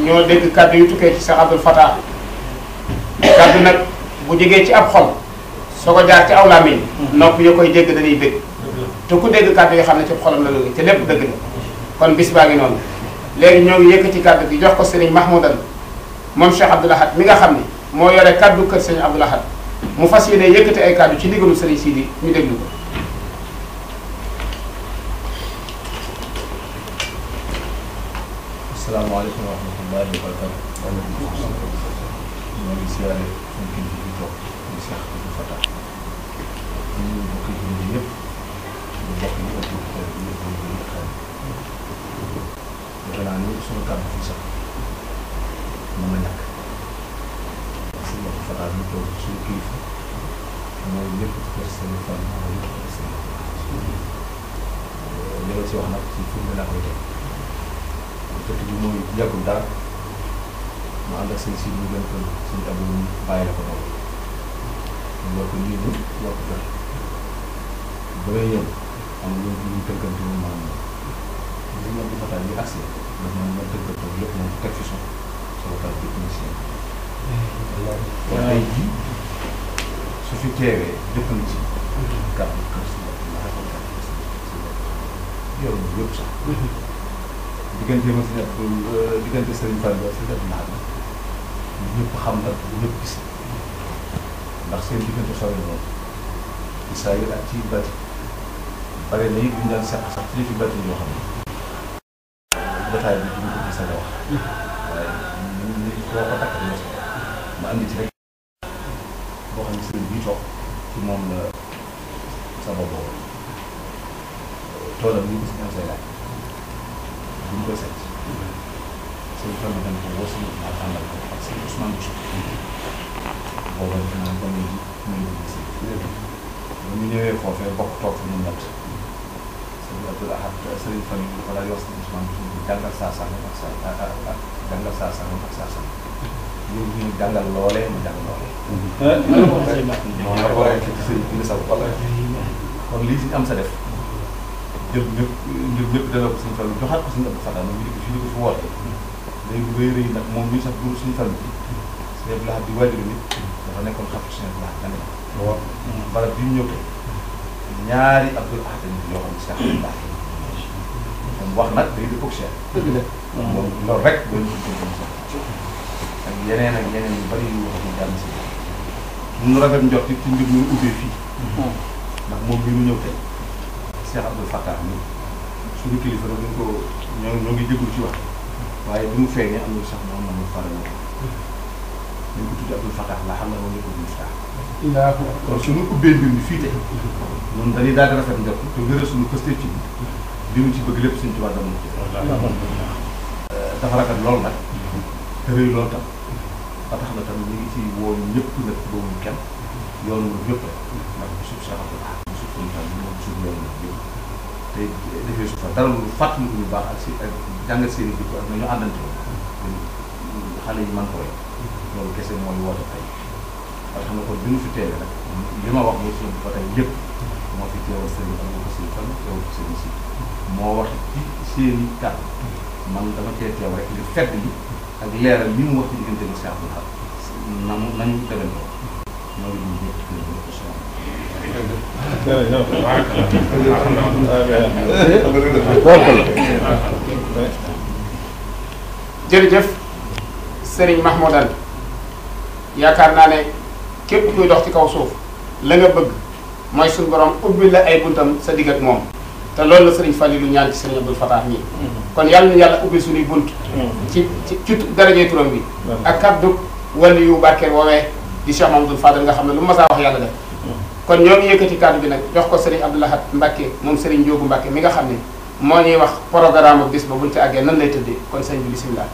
ñoo dégg kaddu yu tukkee ci Cheikh Abdoul Fatah kaddu nag bu jógee ci ab xol soo ko jaar ci aw làmmiñ nopp yo koy dégg dañuy dégg te ku dégg kaddu yoo xam ne ci xolam la loolu te lépp dëgg la kon bis baa ngi noonu léegi ñoo ngi yëkkati kaddu gi jox ko sëriñ Mahmoudan moom Cheikh Abdoul Ahad mi nga xam ne moo yore kaddu kër sëriñ Abdoul Ahad mu fas yéene yëkkati ay kaddu ci ndigalu sëriñ Sidi ñu déglu ko السلام عليكم ورحمة الله وبركاته. السلام عليكم ورحمة الله وبركاته. ممكن تيجي توك ممكن تيجي توك ممكن تيجي توك ممكن تيجي توك ممكن تيجي توك ممكن تيجي توك kadi ɗum noon jagom dara ma anda sen sidu men kon sen ɗaɓo mum bayla ko noon ɗum wakko ndi ɗum wakko tan bala yon ama ɗum ko ɗum tagganti mum mam ɗum ɗum ɗumata ndi accé daf man man taggatto lépp moom perfection solo tal définition kon ay ji su fi teewee dëpp na ci kàddu kër si yow yëpp sax diggante Moussa Diagne ak diggante Serigne Fallou ak Serigne Abdou Lahad ñëpp xam nag ñëpp gis ndax seen diggante sori lool ci saa yi ak ci bati bare na it ñu daan seq sax ci ci bati yoo xam ne bataay bi duñ ko gis nga wax waaye ñu ñu koo ko takk mos ma andi ci rek boo xam ne sëriñ bi toog ci moom la sababoo toolam ñu gis ñoom say laaj bu ñu koy sàcc sëñ Fallou dem ko woo sëñ Ousmane tàndal ko ak sëñ Ousmane Bousso booba defe naa ba muy muy si ba ñu ñëwee foofee bokk toog fi ñu ñett sëñ Abdoul Ahad sëñ Fallou ko daa yor sëñ Ousmane Bousso jàngal saa sang ak saa ak jàngal saa sang ak saa sang ñun ñu jàngal loolee mu jàng loolee noonu la ko waxee ci sëñ bi saw wala kon lii ci am sa def jël ñëpp jël ñëpp dalal ko suñu fan bi joxaat ko suñu ëpp xanaa moom ñu di ko fii di ko fi woote léegi bu rëy rëy moom bi suñu ëpp laxat di waajur bi dafa nekkoon bi ñu ñëwee ñaari abdul ahad ñu yoo xam ne sax baax moom wax nag day di ko cher dëgg la moom loolu rek doon ko doon sax ak si ñu rafet njort ci mbir ñu fii hmm. ndax moom bi mu ñëw tey Cheikh Abdou Fattah nii suñu kilifa nag ko ñoo ñoo ngi déglu ci wax waaye bi mu feeñee am na sax moom la mu faral ñu ko tudd Abdou Fattah la xam ne moom ñu ko Miftah. ilaa kon fii tey noonu dañuy daal di rafet njort te wéral mu ci bëgg lépp suñu ci wàllu ci. dafa rafet lool nag. te rëy tam. ba tax na tam ñu ngi ci woo ñëpp nag boobu kenn yoonu ñëpp rek. ndax bu suuf si suuf moom suuf loolu te defee suuf dara lu fàttali lu baax ak si ak jàngat seen jikko ak nañu àndante xale yi mën ko way loolu kese mooy woote tey parce xam nga kon bi ñu fi teewee rek li ma wax mooy suñu fa tey lépp moo si moo wax ci seeni kàddu man dama cee teew rek li fedd yi ak leeral li mu wax ci diggante ni seexul xar na mu nañu demee jërëjëf Serigne Mahmoudane yaakaar naa ne képp kuy dox ci kaw suuf la nga bëgg mooy suñu borom ubbi la ay buntam sa digg ak te loolu la Serigne Fallou ñaan ci Serigne Fatah kon ubbi bunt ci ci ci darajee turam bi ak kaddu wàllu yu barkeel woowee di Cheikh Mamadou Fadal nga xam ne lu ma saa wax yàlla def kon ñoo ngi yëkkati kàddu bi nag jox ko Serigne Abdou Lahad Mbacke moom Serigne Ndiogou Mbacke mi nga xam ne moo ñuy wax programme bis ba buñ ci àggee nan lay tëddee kon sëñ bi bisimilah.